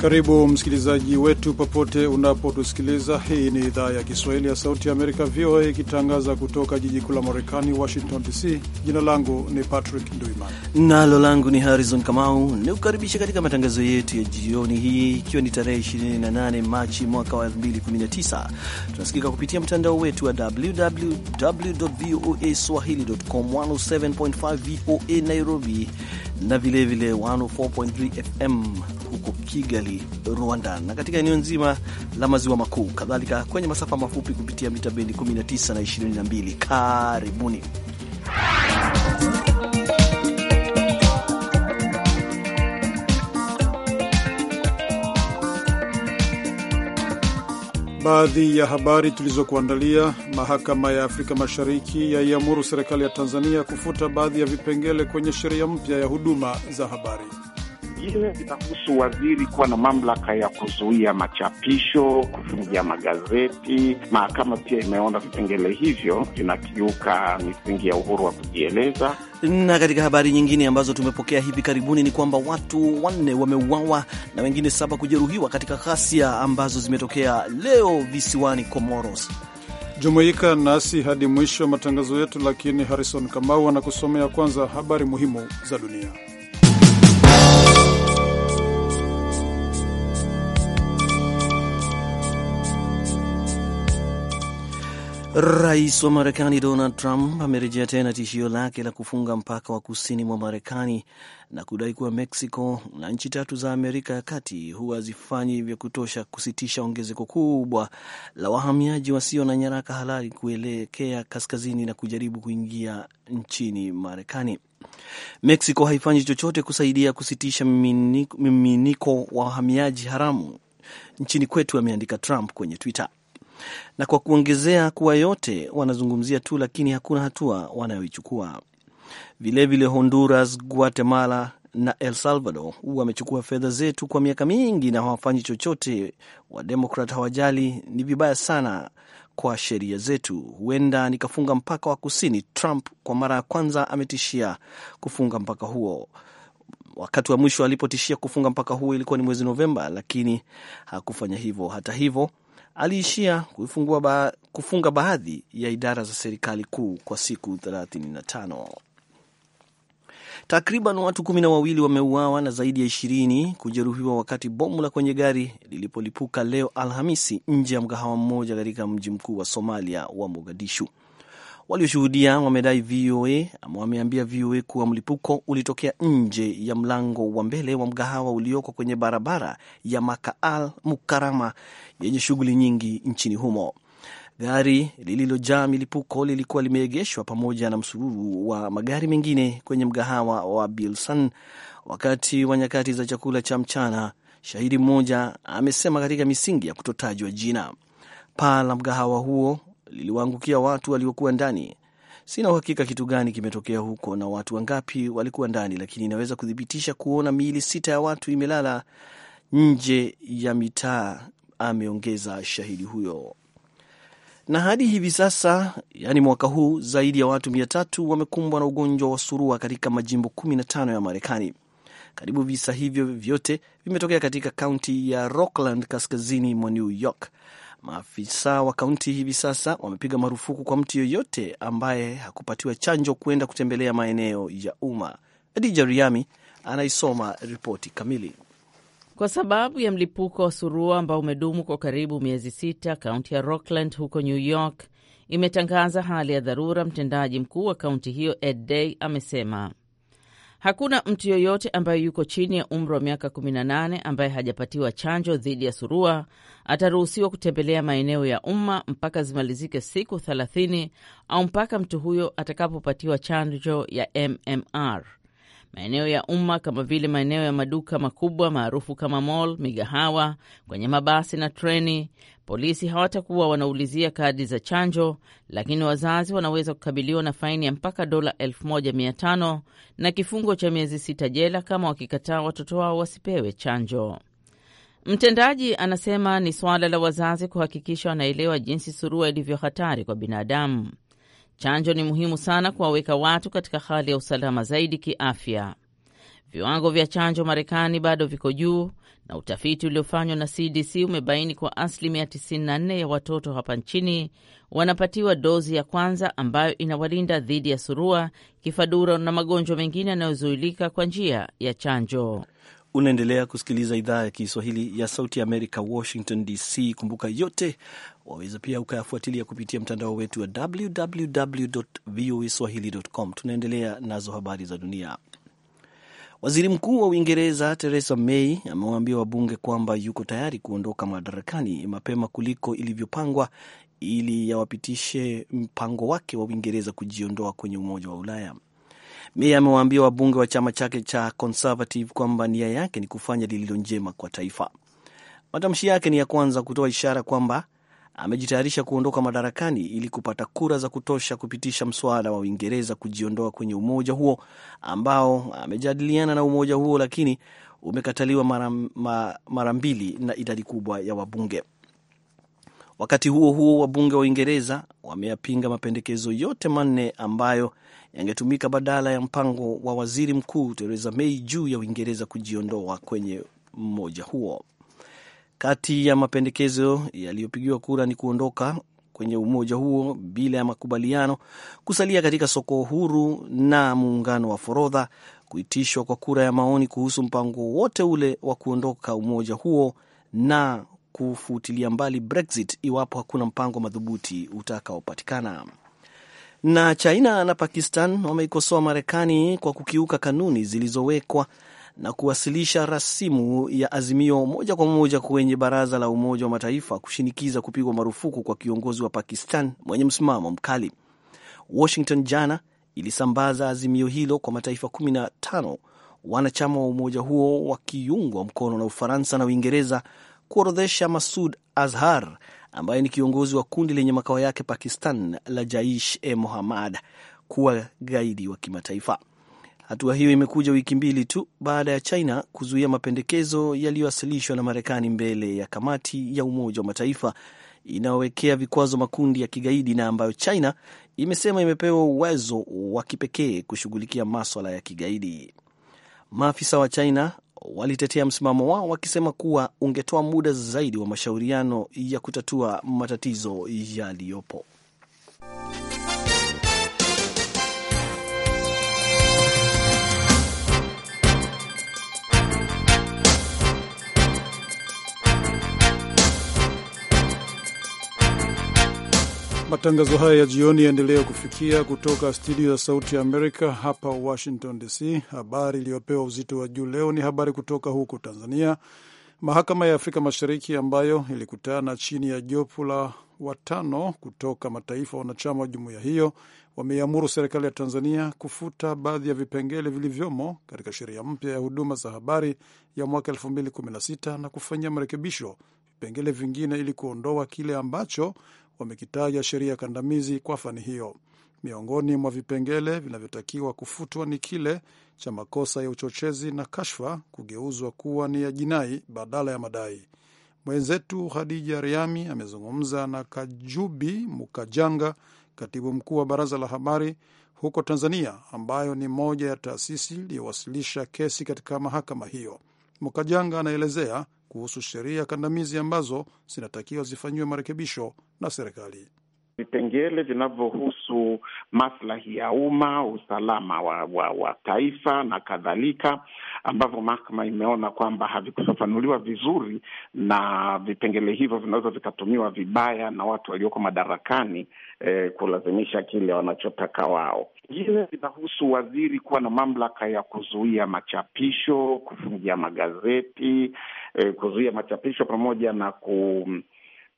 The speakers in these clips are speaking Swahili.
Karibu msikilizaji wetu popote unapotusikiliza. Hii ni idhaa ya Kiswahili ya Sauti ya Amerika, VOA, ikitangaza kutoka jiji kuu la Marekani, Washington DC. Jina langu ni Patrick Nduimana nalo langu ni Harrison Kamau, nikukaribisha katika matangazo yetu ya jioni hii, ikiwa ni tarehe 28 Machi mwaka wa 2019. Tunasikika kupitia mtandao wetu wa www voa swahili.com, 107.5 VOA Nairobi na vilevile 104.3 FM huko Kigali, Rwanda, na katika eneo nzima la maziwa makuu, kadhalika kwenye masafa mafupi kupitia mita bendi 19 na 22. Karibuni Baadhi ya habari tulizokuandalia: mahakama ya Afrika Mashariki yaiamuru serikali ya Tanzania kufuta baadhi ya vipengele kwenye sheria mpya ya huduma za habari vingine inahusu waziri kuwa na mamlaka ya kuzuia machapisho, kufungia magazeti. Mahakama pia imeona vipengele hivyo vinakiuka misingi ya uhuru wa kujieleza. Na katika habari nyingine ambazo tumepokea hivi karibuni ni kwamba watu wanne wameuawa na wengine saba kujeruhiwa katika ghasia ambazo zimetokea leo visiwani Comoros. Jumuika nasi hadi mwisho wa matangazo yetu, lakini Harrison Kamau anakusomea kwanza habari muhimu za dunia. Rais wa Marekani Donald Trump amerejea tena tishio lake la kufunga mpaka wa kusini mwa Marekani na kudai kuwa Mexico na nchi tatu za Amerika ya kati huwa hazifanyi vya kutosha kusitisha ongezeko kubwa la wahamiaji wasio na nyaraka halali kuelekea kaskazini na kujaribu kuingia nchini Marekani. Mexico haifanyi chochote kusaidia kusitisha miminiko wa wahamiaji haramu nchini kwetu, ameandika Trump kwenye Twitter na kwa kuongezea kuwa yote wanazungumzia tu, lakini hakuna hatua wanayoichukua. Vilevile Honduras, Guatemala na El Salvador wamechukua fedha zetu kwa miaka mingi na hawafanyi chochote. Wademokrat hawajali, ni vibaya sana kwa sheria zetu. Huenda nikafunga mpaka wa kusini. Trump kwa mara ya kwanza ametishia kufunga mpaka huo. Wakati wa mwisho alipotishia kufunga mpaka huo ilikuwa ni mwezi Novemba, lakini hakufanya hivyo. Hata hivyo aliishia ba, kufunga baadhi ya idara za serikali kuu kwa siku 35. Takriban watu kumi na wawili wameuawa na zaidi ya ishirini kujeruhiwa wakati bomu la kwenye gari lilipolipuka leo Alhamisi nje ya mgahawa mmoja katika mji mkuu wa Somalia wa Mogadishu. Walioshuhudia wamedai VOA wameambia VOA kuwa mlipuko ulitokea nje ya mlango wa mbele wa mgahawa ulioko kwenye barabara ya Makaal Mukarama yenye shughuli nyingi nchini humo. Gari lililojaa milipuko lilikuwa limeegeshwa pamoja na msururu wa magari mengine kwenye mgahawa wa Bilsan wakati wa nyakati za chakula cha mchana, shahidi mmoja amesema katika misingi ya kutotajwa jina. Paa la mgahawa huo liliwaangukia watu waliokuwa ndani. Sina uhakika kitu gani kimetokea huko na watu wangapi walikuwa ndani, lakini inaweza kuthibitisha kuona miili sita ya watu imelala nje ya mitaa, ameongeza shahidi huyo. Na hadi hivi sasa, yaani mwaka huu, zaidi ya watu mia tatu wamekumbwa na ugonjwa wa surua katika majimbo 15 ya Marekani. Karibu visa hivyo vyote vimetokea katika kaunti ya Rockland kaskazini mwa New York Maafisa wa kaunti hivi sasa wamepiga marufuku kwa mtu yeyote ambaye hakupatiwa chanjo kuenda kutembelea maeneo ya umma. Adija Riami anaisoma ripoti kamili. Kwa sababu ya mlipuko wa surua ambao umedumu kwa karibu miezi sita, kaunti ya Rockland huko New York imetangaza hali ya dharura. Mtendaji mkuu wa kaunti hiyo Ed Day amesema Hakuna mtu yoyote ambaye yuko chini ya umri wa miaka 18 ambaye hajapatiwa chanjo dhidi ya surua ataruhusiwa kutembelea maeneo ya umma mpaka zimalizike siku 30 au mpaka mtu huyo atakapopatiwa chanjo ya MMR maeneo ya umma kama vile maeneo ya maduka makubwa maarufu kama mall, migahawa, kwenye mabasi na treni. Polisi hawatakuwa wanaulizia kadi za chanjo, lakini wazazi wanaweza kukabiliwa na faini ya mpaka dola 1500 na kifungo cha miezi sita jela kama wakikataa watoto wao wasipewe chanjo. Mtendaji anasema ni swala la wazazi kuhakikisha wanaelewa jinsi surua ilivyo hatari kwa binadamu. Chanjo ni muhimu sana kuwaweka watu katika hali ya usalama zaidi kiafya. Viwango vya chanjo Marekani bado viko juu, na utafiti uliofanywa na CDC umebaini kwa asilimia 94 ya watoto hapa nchini wanapatiwa dozi ya kwanza ambayo inawalinda dhidi ya surua, kifadura na magonjwa mengine yanayozuilika kwa njia ya chanjo. Unaendelea kusikiliza idhaa ya Kiswahili ya Sauti ya Amerika, Washington DC. Kumbuka yote Waweza pia ukayafuatilia kupitia mtandao wetu wa www voa swahili.com. Tunaendelea nazo habari za dunia. Waziri Mkuu wa Uingereza Theresa May amewaambia wabunge kwamba yuko tayari kuondoka madarakani mapema kuliko ilivyopangwa ili yawapitishe mpango wake wa Uingereza kujiondoa kwenye Umoja wa Ulaya. May amewaambia wabunge wa chama chake cha Conservative kwamba nia yake ni kufanya lililo njema kwa taifa. Matamshi yake ni ya kwanza kutoa ishara kwamba amejitayarisha kuondoka madarakani ili kupata kura za kutosha kupitisha mswada wa Uingereza kujiondoa kwenye umoja huo ambao amejadiliana na umoja huo, lakini umekataliwa mara mbili na idadi kubwa ya wabunge. Wakati huo huo, wabunge wa Uingereza wameyapinga mapendekezo yote manne ambayo yangetumika badala ya mpango wa waziri mkuu Theresa May juu ya Uingereza kujiondoa kwenye mmoja huo. Kati ya mapendekezo yaliyopigiwa kura ni kuondoka kwenye umoja huo bila ya makubaliano, kusalia katika soko huru na muungano wa forodha, kuitishwa kwa kura ya maoni kuhusu mpango wote ule wa kuondoka umoja huo na kufutilia mbali Brexit iwapo hakuna mpango madhubuti utakaopatikana. Na China na Pakistan wameikosoa Marekani kwa kukiuka kanuni zilizowekwa na kuwasilisha rasimu ya azimio moja kwa moja kwenye baraza la Umoja wa Mataifa kushinikiza kupigwa marufuku kwa kiongozi wa Pakistan mwenye msimamo mkali. Washington jana ilisambaza azimio hilo kwa mataifa 15 wanachama wa umoja huo wakiungwa mkono na Ufaransa na Uingereza kuorodhesha Masud Azhar ambaye ni kiongozi wa kundi lenye makao yake Pakistan la Jaish e Mohammad kuwa gaidi wa kimataifa. Hatua hiyo imekuja wiki mbili tu baada ya China kuzuia mapendekezo yaliyowasilishwa na Marekani mbele ya kamati ya Umoja wa Mataifa inayowekea vikwazo makundi ya kigaidi na ambayo China imesema imepewa uwezo wa kipekee kushughulikia maswala ya kigaidi. Maafisa wa China walitetea msimamo wao wakisema kuwa ungetoa muda zaidi wa mashauriano ya kutatua matatizo yaliyopo. Matangazo haya ya jioni yaendelea kufikia kutoka studio ya Sauti ya Amerika hapa Washington DC. Habari iliyopewa uzito wa juu leo ni habari kutoka huko Tanzania. Mahakama ya Afrika Mashariki ambayo ilikutana chini ya jopo la watano kutoka mataifa wanachama wa jumuiya hiyo wameiamuru serikali ya Tanzania kufuta baadhi ya vipengele vilivyomo katika sheria mpya ya huduma za habari ya mwaka 2016 na kufanyia marekebisho vipengele vingine ili kuondoa kile ambacho wamekitaja sheria kandamizi kwa fani hiyo. Miongoni mwa vipengele vinavyotakiwa kufutwa ni kile cha makosa ya uchochezi na kashfa kugeuzwa kuwa ni ya jinai badala ya madai. Mwenzetu hadija Riami amezungumza na Kajubi Mukajanga, katibu mkuu wa Baraza la Habari huko Tanzania, ambayo ni moja ya taasisi iliyowasilisha kesi katika mahakama hiyo. Mukajanga anaelezea kuhusu sheria kandamizi ambazo zinatakiwa zifanyiwe marekebisho na serikali. Vipengele vinavyohusu maslahi ya umma, usalama wa, wa, wa taifa na kadhalika, ambavyo mahakama imeona kwamba havikufafanuliwa vizuri, na vipengele hivyo vinaweza vikatumiwa vibaya na watu walioko madarakani eh, kulazimisha kile wanachotaka wao. Nyingine zinahusu waziri kuwa na mamlaka ya kuzuia machapisho, kufungia magazeti eh, kuzuia machapisho pamoja na ku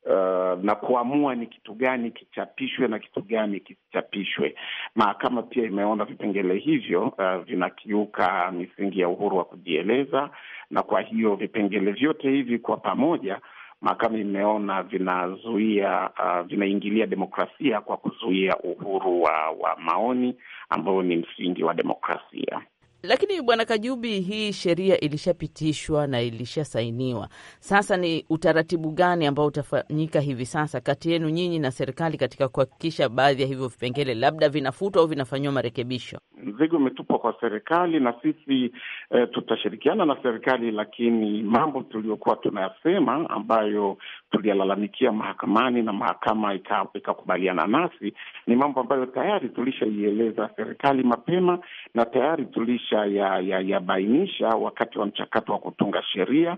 Uh, na kuamua ni kitu gani kichapishwe na kitu gani kisichapishwe. Mahakama pia imeona vipengele hivyo uh, vinakiuka misingi ya uhuru wa kujieleza, na kwa hiyo vipengele vyote hivi kwa pamoja mahakama imeona vinazuia uh, vinaingilia demokrasia kwa kuzuia uhuru wa, wa maoni ambao ni msingi wa demokrasia. Lakini bwana Kajubi, hii sheria ilishapitishwa na ilishasainiwa, sasa ni utaratibu gani ambao utafanyika hivi sasa kati yenu nyinyi na serikali katika kuhakikisha baadhi ya hivyo vipengele labda vinafutwa au vinafanyiwa marekebisho? Mzigo umetupwa kwa serikali na sisi eh, tutashirikiana na serikali, lakini mambo tuliokuwa tunayasema ambayo tuliyalalamikia mahakamani na mahakama ikakubaliana nasi. Ni mambo ambayo tayari tulishaieleza serikali mapema na tayari tulishayabainisha ya, ya wakati wa mchakato wa kutunga sheria,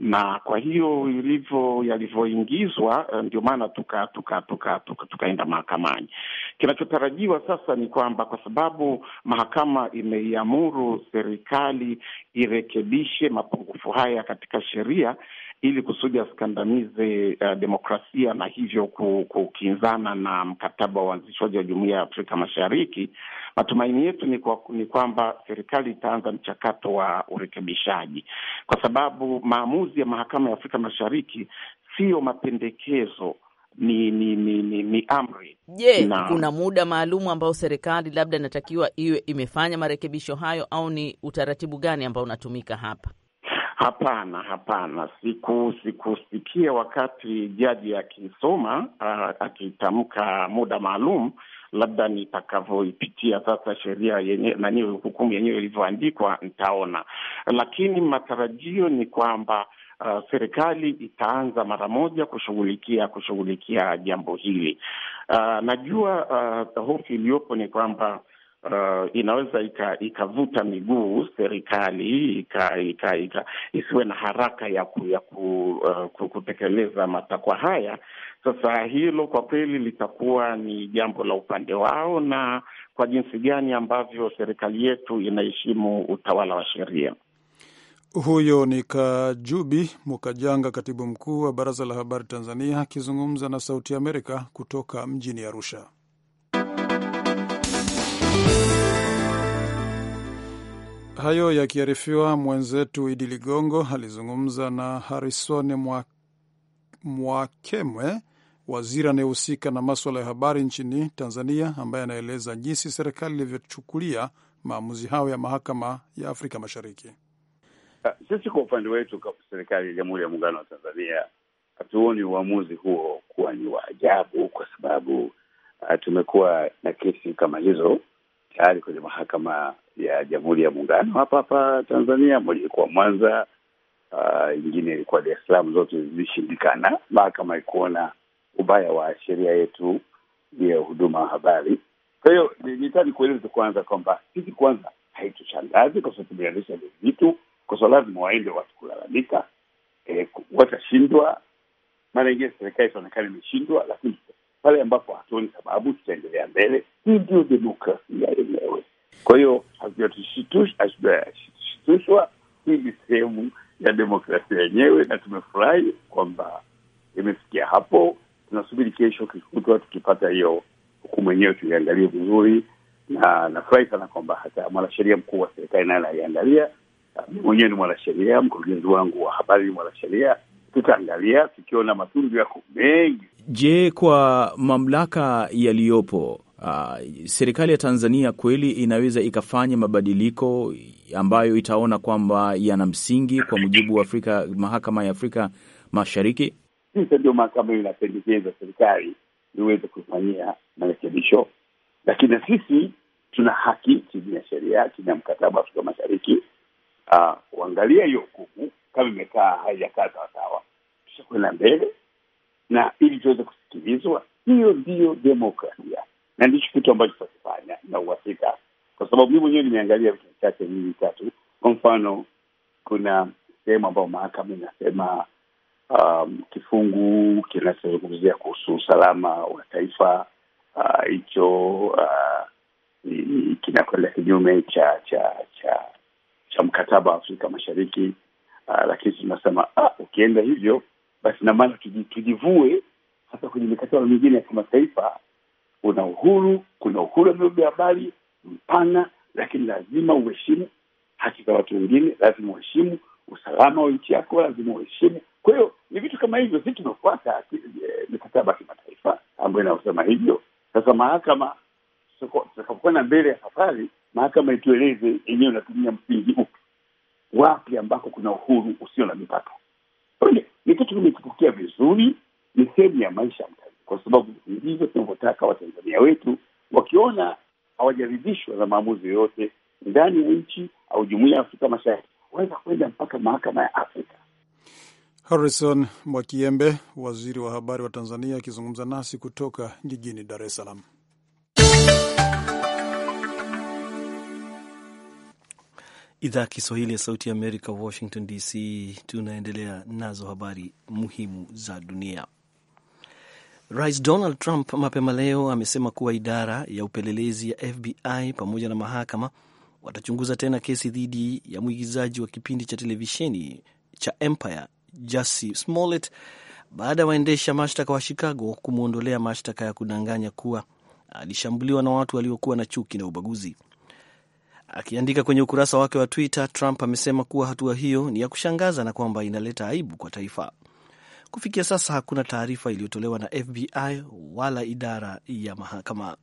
na kwa hiyo ilivyo yalivyoingizwa, eh, ndio maana tukaenda tuka, tuka, tuka, tuka mahakamani. Kinachotarajiwa sasa ni kwamba kwa sababu mahakama imeiamuru serikali irekebishe mapungufu haya katika sheria ili kusudi asikandamize uh, demokrasia na hivyo kukinzana na mkataba wa uanzishwaji wa jumuiya ya Afrika Mashariki. Matumaini yetu ni, kwa, ni kwamba serikali itaanza mchakato wa urekebishaji, kwa sababu maamuzi ya mahakama ya Afrika Mashariki siyo mapendekezo ni ni ni, ni, ni amri. Je, yeah, kuna muda maalumu ambao serikali labda inatakiwa iwe imefanya marekebisho hayo au ni utaratibu gani ambao unatumika hapa? Hapana, hapana, siku sikusikia wakati jaji akisoma akitamka muda maalum. Labda nitakavyoipitia sasa sheria yenye nani, hukumu yenyewe ilivyoandikwa nitaona, lakini matarajio ni kwamba Uh, serikali itaanza mara moja kushughulikia kushughulikia jambo hili. Uh, najua uh, hofu iliyopo ni kwamba uh, inaweza ikavuta ika miguu serikali ika, ika, ika, isiwe na haraka ya, ku, ya ku, uh, kutekeleza matakwa haya. Sasa hilo kwa kweli litakuwa ni jambo la upande wao na kwa jinsi gani ambavyo serikali yetu inaheshimu utawala wa sheria. Huyo ni Kajubi Mukajanga, katibu mkuu wa Baraza la Habari Tanzania, akizungumza na Sauti ya Amerika kutoka mjini Arusha. Hayo yakiarifiwa, mwenzetu Idi Ligongo alizungumza na Harison Mwakemwe, waziri anayehusika na maswala ya habari nchini Tanzania, ambaye anaeleza jinsi serikali ilivyochukulia maamuzi hayo ya mahakama ya Afrika Mashariki. Ah, sisi kwa upande wetu, serikali ya Jamhuri ya Muungano wa Tanzania hatuoni uamuzi huo kuwa ni wa ajabu, kwa sababu ah, tumekuwa na kesi kama hizo tayari kwenye mahakama ya Jamhuri ya Muungano hapa hapa Tanzania. Moja ilikuwa Mwanza, uh, ingine ilikuwa Dar es Salaam. Zote zilishindikana. Mahakama ikuona ubaya wa sheria yetu ya huduma wa habari. Kwa hiyo nitaka nikueleze kwanza kwamba sisi kwanza haitushangazi kwa sababu tumeanisha vitu kwa sababu lazima waende watu kulalamika, e, watashindwa. Mara ingine serikali itaonekana imeshindwa, lakini pale ambapo hatuoni sababu tutaendelea mbele. Hii ndio demokrasia yenyewe. Kwa hiyo hatujashitushwa, hii ni sehemu ya demokrasia yenyewe, na tumefurahi kwamba imefikia hapo. Tunasubiri kesho kikutwa, tukipata hiyo hukumu yenyewe tuiangalie vizuri, na nafurahi sana kwamba hata mwanasheria mkuu wa serikali naye anaiangalia. Mimi mwenyewe ni mwanasheria, mkurugenzi wangu wa habari ni mwanasheria tutaangalia tukiona matundu yako mengi. Je, kwa mamlaka yaliyopo, uh, serikali ya Tanzania kweli inaweza ikafanya mabadiliko ambayo itaona kwamba yana msingi kwa mujibu wa Afrika, mahakama ya Afrika Mashariki? Sisi ndio mahakama hiyo inapendekeza serikali iweze kufanyia marekebisho, lakini na sisi tuna haki chini ya sheria, chini ya mkataba wa Afrika Mashariki ah, kuangalia uh, hiyo hukumu kama imekaa haijakaa sawasawa, kisha kwenda mbele na ili tuweze kusikilizwa. Hiyo ndiyo demokrasia, na ndicho kitu ambacho tutakifanya na uhakika, kwa sababu mii mwenyewe nimeangalia vitu vichache hivi vitatu. Kwa mfano, kuna sehemu ambayo mahakama inasema um, kifungu kinachozungumzia kuhusu usalama wa taifa uh, hicho uh, uh, kinakwenda kinyume cha cha cha cha mkataba wa Afrika Mashariki uh, lakini tunasema ah, ukienda hivyo basi na maana tujivue hasa kwenye mikataba mingine ya kimataifa. Una uhuru, kuna uhuru wa vyombo vya habari mpana, lakini lazima uheshimu haki za watu wengine, lazima uheshimu usalama wa nchi yako, lazima uheshimu. Kwa hiyo ni vitu kama hivyo, si tumefuata eh, mikataba ya kimataifa ambayo inayosema hivyo. Sasa mahakama tutakapokwenda mbele ya safari, mahakama itueleze yenyewe inatumia msingi upi, wapi ambako kuna uhuru usio na mipaka ni kitu vizuri, ni sehemu ya maisha mtaani, kwa sababu ndivyo tunavyotaka Watanzania wetu. Wakiona hawajaridhishwa na maamuzi yoyote ndani ya nchi au jumuiya ya Afrika Mashariki, waweza kwenda mpaka mahakama ya Afrika. Harrison Mwakiembe, waziri wa habari wa Tanzania, akizungumza nasi kutoka jijini Dar es Salaam. idhaa ya Kiswahili ya Sauti ya Amerika, Washington DC. Tunaendelea nazo habari muhimu za dunia. Rais Donald Trump mapema leo amesema kuwa idara ya upelelezi ya FBI pamoja na mahakama watachunguza tena kesi dhidi ya mwigizaji wa kipindi cha televisheni cha Empire Jussie Smollett baada ya waendesha mashtaka wa Chicago kumwondolea mashtaka ya kudanganya kuwa alishambuliwa na watu waliokuwa na chuki na ubaguzi. Akiandika kwenye ukurasa wake wa Twitter, Trump amesema kuwa hatua hiyo ni ya kushangaza na kwamba inaleta aibu kwa taifa. Kufikia sasa hakuna taarifa iliyotolewa na FBI wala idara ya mahakama.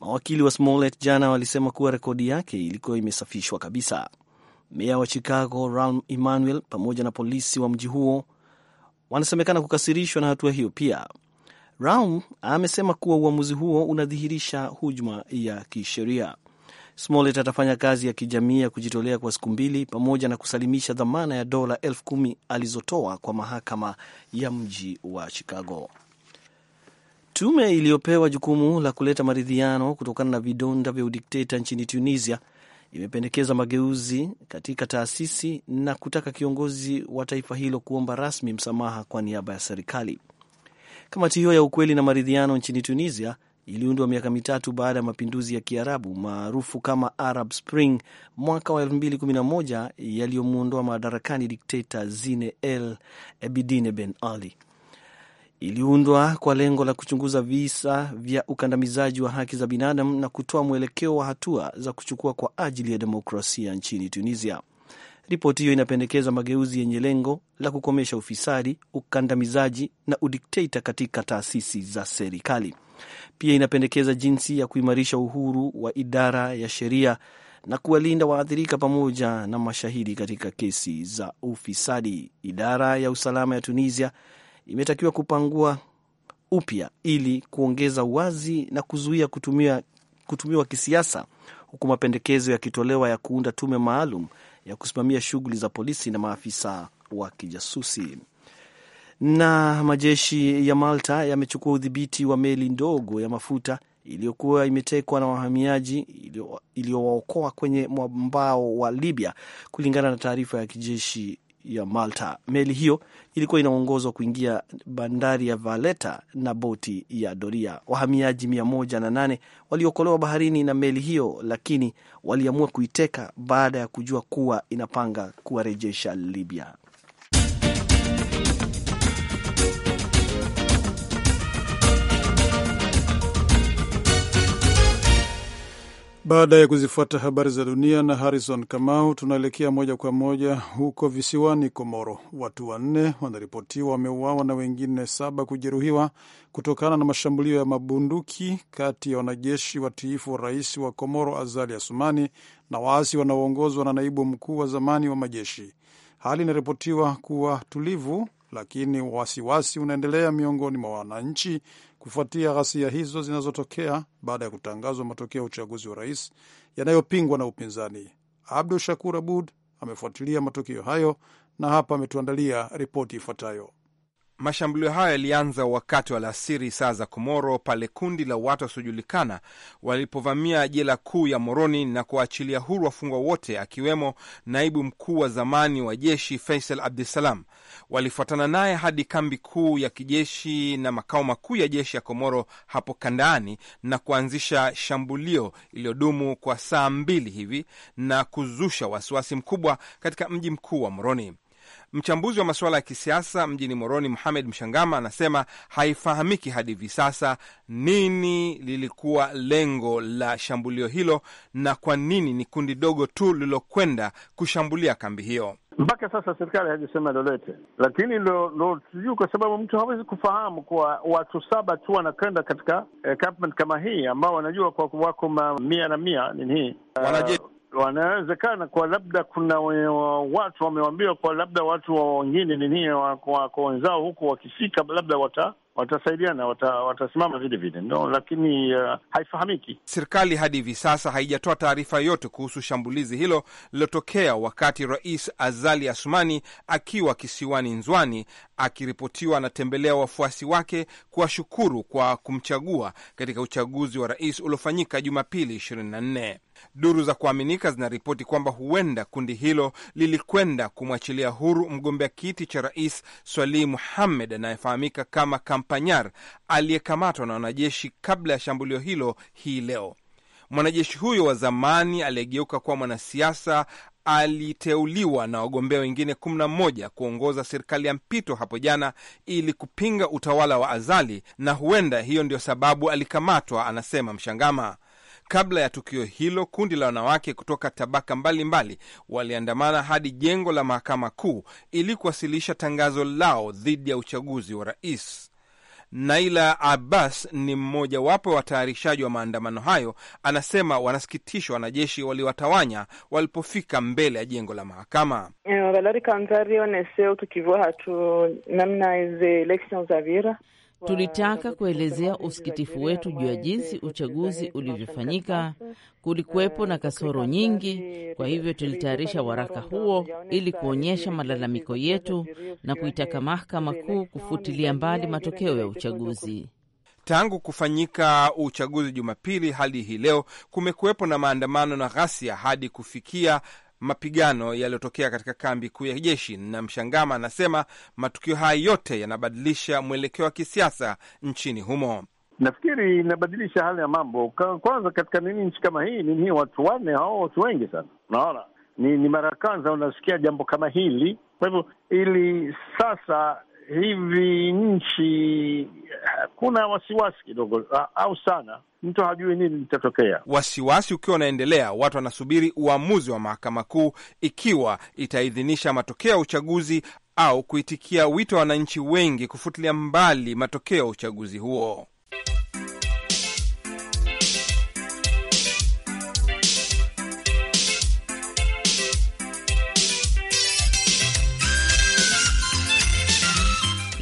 Mawakili wa Smollett jana walisema kuwa rekodi yake ilikuwa imesafishwa kabisa. Meya wa Chicago Rahm Emanuel pamoja na polisi wa mji huo wanasemekana kukasirishwa na hatua hiyo pia. Rahm amesema kuwa uamuzi huo unadhihirisha hujuma ya kisheria. Smollett atafanya kazi ya kijamii ya kujitolea kwa siku mbili pamoja na kusalimisha dhamana ya dola elfu kumi alizotoa kwa mahakama ya mji wa Chicago. Tume iliyopewa jukumu la kuleta maridhiano kutokana na vidonda vya udikteta nchini Tunisia imependekeza mageuzi katika taasisi na kutaka kiongozi wa taifa hilo kuomba rasmi msamaha kwa niaba ya serikali. Kamati hiyo ya ukweli na maridhiano nchini Tunisia iliundwa miaka mitatu baada ya mapinduzi ya Kiarabu maarufu kama Arab Spring mwaka wa 2011 yaliyomwondoa madarakani dikteta Zine El Abidine Ben Ali. Iliundwa kwa lengo la kuchunguza visa vya ukandamizaji wa haki za binadamu na kutoa mwelekeo wa hatua za kuchukua kwa ajili ya demokrasia nchini Tunisia. Ripoti hiyo inapendekeza mageuzi yenye lengo la kukomesha ufisadi, ukandamizaji na udikteta katika taasisi za serikali. Pia inapendekeza jinsi ya kuimarisha uhuru wa idara ya sheria na kuwalinda waathirika pamoja na mashahidi katika kesi za ufisadi. Idara ya usalama ya Tunisia imetakiwa kupangua upya ili kuongeza uwazi na kuzuia kutumia, kutumiwa kisiasa, huku mapendekezo yakitolewa ya kuunda tume maalum ya kusimamia shughuli za polisi na maafisa wa kijasusi na majeshi ya Malta yamechukua udhibiti wa meli ndogo ya mafuta iliyokuwa imetekwa na wahamiaji iliyowaokoa kwenye mwambao wa Libya, kulingana na taarifa ya kijeshi ya Malta. Meli hiyo ilikuwa inaongozwa kuingia bandari ya valeta na boti ya doria. Wahamiaji mia moja na nane waliokolewa baharini na meli hiyo, lakini waliamua kuiteka baada ya kujua kuwa inapanga kuwarejesha Libya. Baada ya kuzifuata habari za dunia na Harrison Kamau, tunaelekea moja kwa moja huko visiwani Komoro. Watu wanne wanaripotiwa wameuawa na wengine saba kujeruhiwa kutokana na mashambulio ya mabunduki kati ya wanajeshi watiifu wa rais wa Komoro Azali Asumani na waasi wanaoongozwa na naibu mkuu wa zamani wa majeshi. Hali inaripotiwa kuwa tulivu, lakini wasiwasi unaendelea miongoni mwa wananchi kufuatia ghasia hizo zinazotokea baada ya kutangazwa matokeo ya uchaguzi wa rais yanayopingwa na upinzani. Abdu Shakur Abud amefuatilia matokeo hayo na hapa ametuandalia ripoti ifuatayo. Mashambulio hayo yalianza wakati wa alasiri saa za Komoro, pale kundi la watu wasiojulikana walipovamia jela kuu ya Moroni na kuwaachilia huru wafungwa wote, akiwemo naibu mkuu wa zamani wa jeshi Faisal Abdusalam. Walifuatana naye hadi kambi kuu ya kijeshi na makao makuu ya jeshi ya Komoro hapo Kandaani na kuanzisha shambulio iliyodumu kwa saa mbili hivi na kuzusha wasiwasi mkubwa katika mji mkuu wa Moroni. Mchambuzi wa masuala ya kisiasa mjini Moroni, Muhamed Mshangama, anasema haifahamiki hadi hivi sasa nini lilikuwa lengo la shambulio hilo na kwa nini ni kundi dogo tu lililokwenda kushambulia kambi hiyo. Mpaka sasa serikali haijasema lolote, lakini ndo sijui, kwa sababu mtu hawezi kufahamu kuwa watu saba tu wanakwenda katika eh, kama hii ambao wanajua kwa wako mia na mia nini hii uh, wanawezekana kwa labda kuna watu wamewambiwa, kwa labda watu wengine nini wako wenzao huku wakifika, labda wata watasaidiana wata, watasimama vile vile no, lakini uh, haifahamiki. Serikali hadi hivi sasa haijatoa taarifa yoyote kuhusu shambulizi hilo lililotokea wakati Rais Azali Asumani akiwa kisiwani Nzwani akiripotiwa anatembelea wafuasi wake kuwashukuru kwa kumchagua katika uchaguzi wa rais uliofanyika Jumapili ishirini na nne Duru za kuaminika zinaripoti kwamba huenda kundi hilo lilikwenda kumwachilia huru mgombea kiti cha rais Swalih Muhammed anayefahamika kama Kampanyar aliyekamatwa na wanajeshi kabla ya shambulio hilo hii leo. Mwanajeshi huyo wa zamani aliyegeuka kuwa mwanasiasa aliteuliwa na wagombea wengine 11 kuongoza serikali ya mpito hapo jana ili kupinga utawala wa Azali, na huenda hiyo ndio sababu alikamatwa, anasema Mshangama. Kabla ya tukio hilo, kundi la wanawake kutoka tabaka mbalimbali waliandamana hadi jengo la mahakama kuu ili kuwasilisha tangazo lao dhidi ya uchaguzi wa rais. Naila Abbas ni mmojawapo wa watayarishaji wa maandamano hayo. Anasema wanasikitishwa wanajeshi waliwatawanya walipofika mbele ya jengo la mahakama. Eh, Tulitaka kuelezea usikitifu wetu juu ya jinsi uchaguzi ulivyofanyika. Kulikuwepo na kasoro nyingi, kwa hivyo tulitayarisha waraka huo ili kuonyesha malalamiko yetu na kuitaka Mahakama Kuu kufutilia mbali matokeo ya uchaguzi. Tangu kufanyika uchaguzi Jumapili hadi hii leo kumekuwepo na maandamano na ghasia hadi kufikia mapigano yaliyotokea katika kambi kuu ya kijeshi. Na Mshangama anasema matukio haya yote yanabadilisha mwelekeo wa kisiasa nchini humo. Nafikiri inabadilisha hali ya mambo. Kwanza katika nini, nchi kama hii nini hii, watu wanne hao, watu wengi sana, unaona ni, ni mara ya kwanza unasikia jambo kama hili. Kwa hivyo ili sasa hivi nchi kuna wasiwasi kidogo au sana, mtu hajui nini litatokea. Wasiwasi ukiwa unaendelea, watu wanasubiri uamuzi wa mahakama kuu ikiwa itaidhinisha matokeo ya uchaguzi au kuitikia wito wa wananchi wengi kufutilia mbali matokeo ya uchaguzi huo.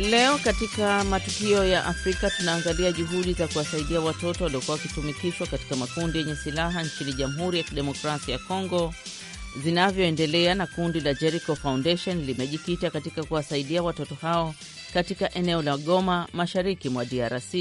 Leo katika matukio ya Afrika tunaangalia juhudi za kuwasaidia watoto waliokuwa wakitumikishwa katika makundi yenye silaha nchini Jamhuri ya Kidemokrasia ya Kongo zinavyoendelea, na kundi la Jericho Foundation limejikita katika kuwasaidia watoto hao katika eneo la Goma, mashariki mwa DRC.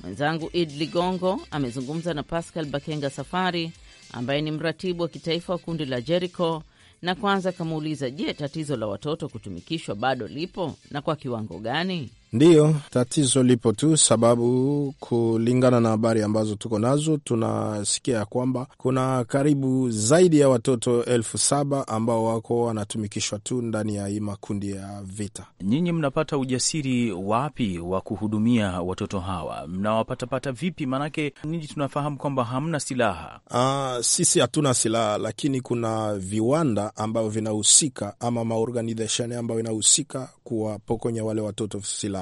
Mwenzangu Id Ligongo amezungumza na Pascal Bakenga Safari ambaye ni mratibu wa kitaifa wa kundi la Jericho na kwanza akamuuliza, je, tatizo la watoto kutumikishwa bado lipo na kwa kiwango gani? Ndiyo, tatizo lipo tu, sababu kulingana na habari ambazo tuko nazo tunasikia ya kwamba kuna karibu zaidi ya watoto elfu saba ambao wako wanatumikishwa tu ndani ya hii makundi ya vita. Nyinyi mnapata ujasiri wapi wa kuhudumia watoto hawa? Mnawapatapata vipi? Maanake nyinyi tunafahamu kwamba hamna silaha. Aa, ah, sisi hatuna silaha, lakini kuna viwanda ambavyo vinahusika ama maorganization ambayo inahusika kuwapokonya wale watoto silaha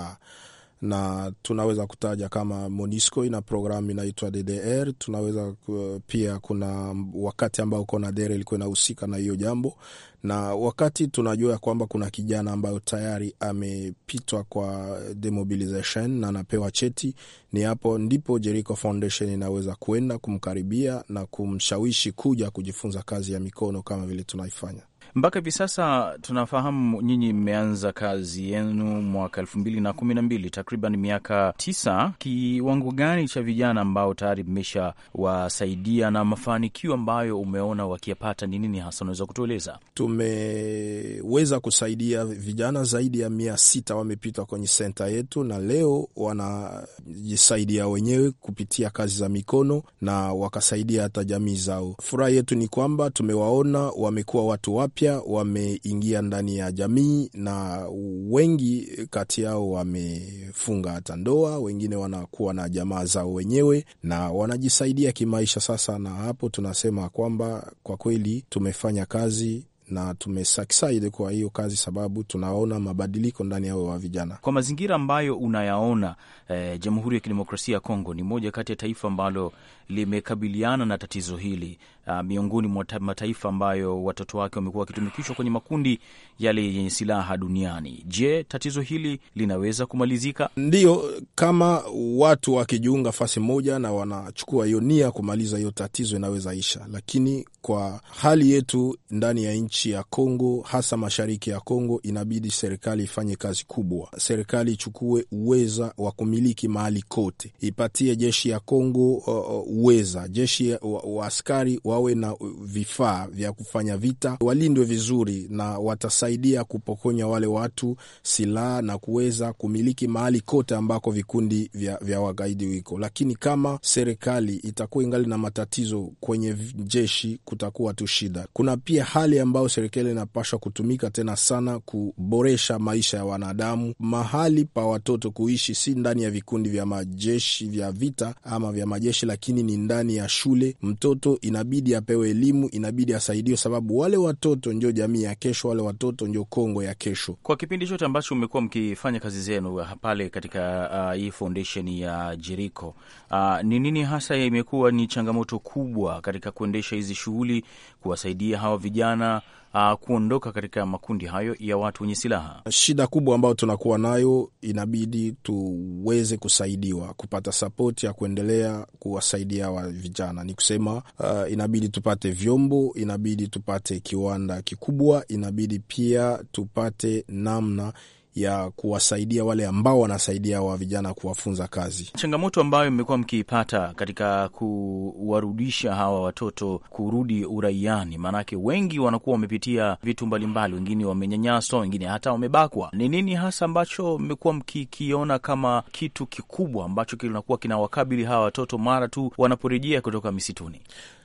na tunaweza kutaja kama Monisco ina programu inaitwa DDR. Tunaweza uh, pia, kuna wakati ambao CONADER ilikuwa inahusika na hiyo jambo, na wakati tunajua kwamba kuna kijana ambayo tayari amepitwa kwa demobilization na anapewa cheti, ni hapo ndipo Jericho Foundation inaweza kwenda kumkaribia na kumshawishi kuja kujifunza kazi ya mikono kama vile tunaifanya. Mpaka hivi sasa tunafahamu nyinyi mmeanza kazi yenu mwaka elfu mbili na kumi na mbili, takriban miaka tisa. Kiwango gani cha vijana ambao tayari mmeshawasaidia na mafanikio ambayo umeona wakiyapata ni nini hasa, unaweza kutueleza? Tumeweza kusaidia vijana zaidi ya mia sita wamepita kwenye senta yetu, na leo wanajisaidia wenyewe kupitia kazi za mikono na wakasaidia hata jamii zao. Furaha yetu ni kwamba tumewaona wamekuwa watu wapya wapya wameingia ndani ya jamii, na wengi kati yao wamefunga hata ndoa, wengine wanakuwa na jamaa zao wenyewe na wanajisaidia kimaisha. Sasa na hapo tunasema kwamba kwa kweli tumefanya kazi na tumesucceed kwa hiyo kazi, sababu tunaona mabadiliko ndani yao wa vijana. Kwa mazingira ambayo unayaona, eh, Jamhuri ya Kidemokrasia ya Kongo ni moja kati ya taifa ambalo limekabiliana na tatizo hili uh, miongoni mwa mataifa ambayo watoto wake wamekuwa wakitumikishwa kwenye makundi yale yenye silaha duniani. Je, tatizo hili linaweza kumalizika? Ndiyo, kama watu wakijiunga fasi moja na wanachukua hiyo nia kumaliza hiyo tatizo, inaweza isha, lakini kwa hali yetu ndani ya nchi nchi ya Kongo, hasa mashariki ya Kongo, inabidi serikali ifanye kazi kubwa. Serikali ichukue uweza wa kumiliki mahali kote, ipatie jeshi ya Kongo uh, uh uweza jeshi waaskari wa wawe na vifaa vya kufanya vita, walindwe vizuri, na watasaidia kupokonya wale watu silaha na kuweza kumiliki mahali kote ambako vikundi vya, vya wagaidi wiko. Lakini kama serikali itakuwa ingali na matatizo kwenye jeshi, kutakuwa tu shida. Kuna pia hali ambayo serikali inapashwa kutumika tena sana kuboresha maisha ya wanadamu. Mahali pa watoto kuishi si ndani ya vikundi vya majeshi vya vita ama vya majeshi, lakini ni ndani ya shule. Mtoto inabidi apewe elimu, inabidi asaidiwe, sababu wale watoto ndio jamii ya kesho, wale watoto ndio Kongo ya kesho. Kwa kipindi chote ambacho umekuwa mkifanya kazi zenu uh, pale katika uh, foundation ya Jericho, uh, ni uh, nini hasa imekuwa ni changamoto kubwa katika kuendesha hizi shughuli, kuwasaidia hawa vijana uh, kuondoka katika makundi hayo ya watu wenye silaha. Shida kubwa ambayo tunakuwa nayo, inabidi tuweze kusaidiwa kupata sapoti ya kuendelea kuwasaidia wa vijana, ni kusema uh, inabidi tupate vyombo, inabidi tupate kiwanda kikubwa, inabidi pia tupate namna ya kuwasaidia wale ambao wanasaidia wa vijana kuwafunza kazi. Changamoto ambayo mmekuwa mkiipata katika kuwarudisha hawa watoto kurudi uraiani, maanake wengi wanakuwa wamepitia vitu mbalimbali, wengine wamenyanyaswa, wengine hata wamebakwa, ni nini hasa ambacho mmekuwa mkikiona kama kitu kikubwa ambacho kinakuwa kinawakabili hawa watoto mara tu wanaporejea kutoka misituni?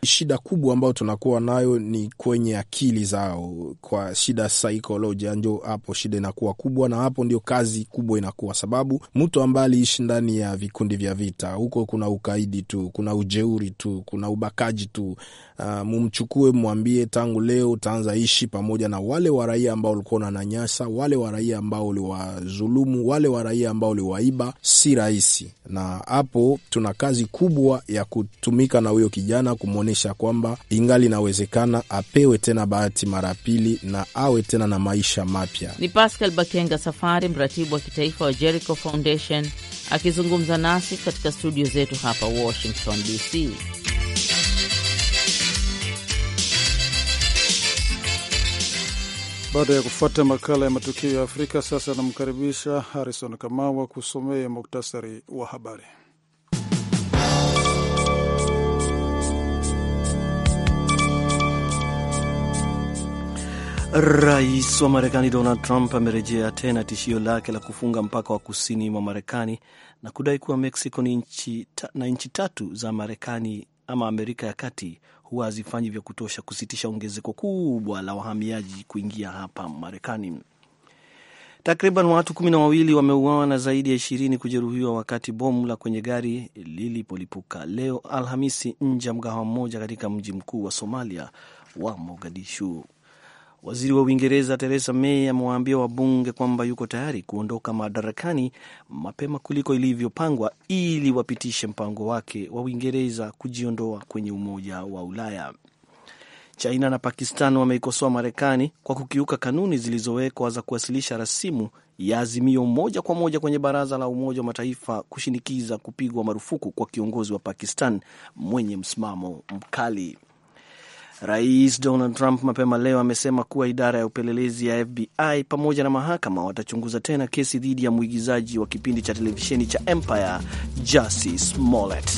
Shida kubwa ambayo tunakuwa nayo ni kwenye akili zao, kwa shida saikolojia, ndio hapo shida inakuwa kubwa na hapo ndio kazi kubwa inakuwa, sababu mtu ambaye aliishi ndani ya vikundi vya vita, huko kuna ukaidi tu, kuna ujeuri tu, kuna ubakaji tu uh, mumchukue mwambie, tangu leo utaanza ishi pamoja na wale wa raia ambao ulikuwa unanyanyasa, wale wa raia ambao uliwadhulumu, wale wa raia ambao uliwaiba. Si rahisi, na hapo tuna kazi kubwa ya kutumika na huyo kijana kumwonyesha kwamba ingali inawezekana, apewe tena bahati mara pili na awe tena na maisha mapya. Ni Pascal Bakenga Safari, mratibu wa kitaifa wa Jericho Foundation akizungumza nasi katika studio zetu hapa Washington DC. Baada ya kufuata makala ya matukio ya Afrika, sasa anamkaribisha Harrison Kamau kusomea muktasari wa habari. Rais wa Marekani Donald Trump amerejea tena tishio lake la kufunga mpaka wa kusini mwa Marekani na kudai kuwa Mexico na nchi tatu za Marekani ama Amerika ya kati huwa hazifanyi vya kutosha kusitisha ongezeko kubwa la wahamiaji kuingia hapa Marekani. Takriban watu kumi na wawili wameuawa na zaidi ya ishirini kujeruhiwa wakati bomu la kwenye gari lilipolipuka leo Alhamisi nje ya mgahawa mmoja katika mji mkuu wa Somalia wa Mogadishu. Waziri wa Uingereza Theresa May amewaambia wabunge kwamba yuko tayari kuondoka madarakani mapema kuliko ilivyopangwa ili wapitishe mpango wake wa Uingereza kujiondoa kwenye Umoja wa Ulaya. China na Pakistan wameikosoa Marekani kwa kukiuka kanuni zilizowekwa za kuwasilisha rasimu ya azimio moja kwa moja kwenye Baraza la Umoja wa Mataifa kushinikiza kupigwa marufuku kwa kiongozi wa Pakistan mwenye msimamo mkali. Rais Donald Trump mapema leo amesema kuwa idara ya upelelezi ya FBI pamoja na mahakama watachunguza tena kesi dhidi ya mwigizaji wa kipindi cha televisheni cha Empire Jussie Smollett.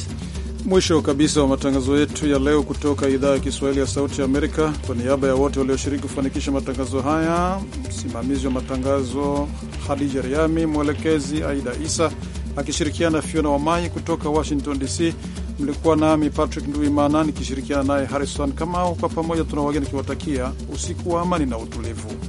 Mwisho kabisa wa matangazo yetu ya leo kutoka idhaa ya Kiswahili ya Sauti ya Amerika. Kwa niaba ya wote walioshiriki kufanikisha matangazo haya, msimamizi wa matangazo Hadija Riami, mwelekezi Aida Isa akishirikiana Fiona Wamai kutoka Washington DC. Mlikuwa nami Patrick Nduimana nikishirikiana naye Harrison Kamau. Kwa pamoja tuna wageni kiwatakia usiku wa amani na utulivu.